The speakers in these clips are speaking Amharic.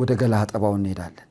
ወደ ገላ አጠባውን እንሄዳለን።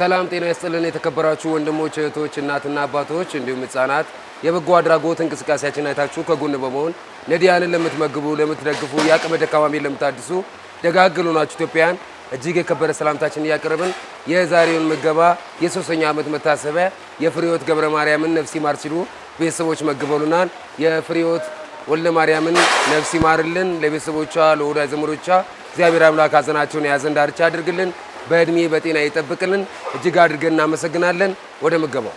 ሰላም ጤና ይስጥልን። የተከበራችሁ ወንድሞች እህቶች፣ እናትና አባቶች እንዲሁም ህጻናት የበጎ አድራጎት እንቅስቃሴያችን አይታችሁ ከጎን በመሆን ነዳያንን ለምትመግቡ፣ ለምትደግፉ የአቅመ ደካማሜን ለምታድሱ ደጋግሉ ናችሁ ኢትዮጵያን እጅግ የከበረ ሰላምታችን እያቀረብን የዛሬውን ምገባ የሶስተኛ ዓመት መታሰቢያ የፍሬህይወት ገብረ ማርያምን ነፍስ ይማር ሲሉ ቤተሰቦች መግበሉናል። የፍሬህይወት ወልደ ማርያምን ነፍስ ይማርልን። ለቤተሰቦቿ ለወዳጅ ዘመዶቿ እግዚአብሔር አምላክ ሐዘናቸውን የያዘን ዳርቻ አድርግልን። በእድሜ በጤና ይጠብቅልን። እጅግ አድርገን እናመሰግናለን። ወደ ምገባው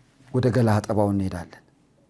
ወደ ገላ አጠባውን እንሄዳለን።